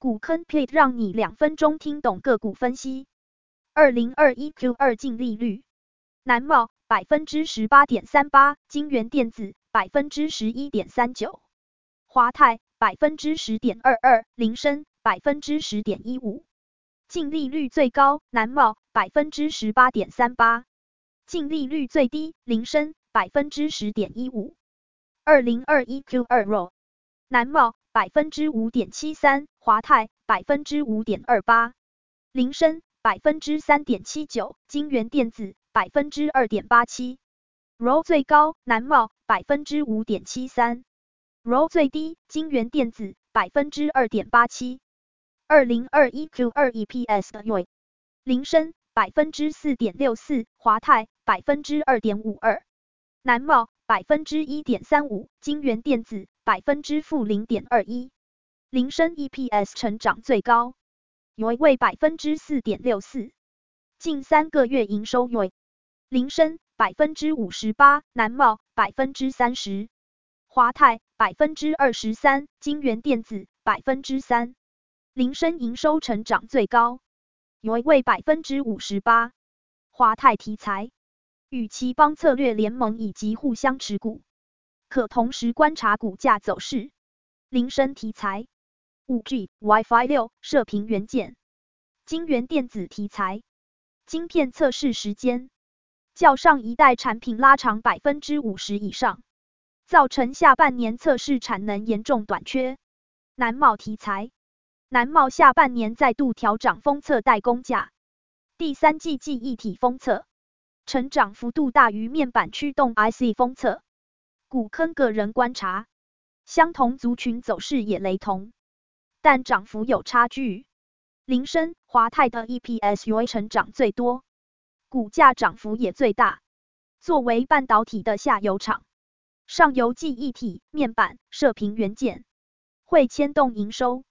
股坑 plate 讓你兩分鐘聽懂個股分析。二零二一 Q 二淨利率，南茂百分之十八點三八，京元電子百分之十一點三九，華泰百分之十點二二，菱生百分之十點一五。淨利率最高南茂百分之十八點三八，淨利率最低菱生百分之十點一五。二零二一 Q 二 roll。南茂百分之五點七三，華泰百分之五點二八，菱生百分之三點七九，京元電子百分之二點八七。ROE 最高南茂百分之五點七三 ROE 最低京元電子百分之二點八七。二零二一 Q 二 EPS 的 YoY，菱生百分之四點六四，華泰百分之二點五二，南茂。百分之一點三五，京元電子百分之負零點二一，菱生 EPS 成長最高，YoY 百分之四點六四。近三個月營收 YoY，菱生百分之五十八，南茂百分之三十，華泰百分之二十三，京元電子百分之三，菱生營收成長最高，YoY 百分之五十八，華泰題材。與其幫策略聯盟以及互相持股，可同時觀察股價走勢。菱生題材，5G WiFi 六射頻元件，京元電子題材，晶片測試時間，較上一代產品拉長百分之五十以上，造成下半年測試產能嚴重短缺，南茂題材，南茂下半年再度調漲封測代工價，第三季記憶體封測。成長幅度大於面板驅動 IC 封測。股坑個人觀察，相同族群走勢也雷同，但漲幅有差距。菱生、華泰的 EPS YoY 成長最多，股價漲幅也最大。作為半導體的下游廠，上游記憶體、面板、射頻元件會牽動營收。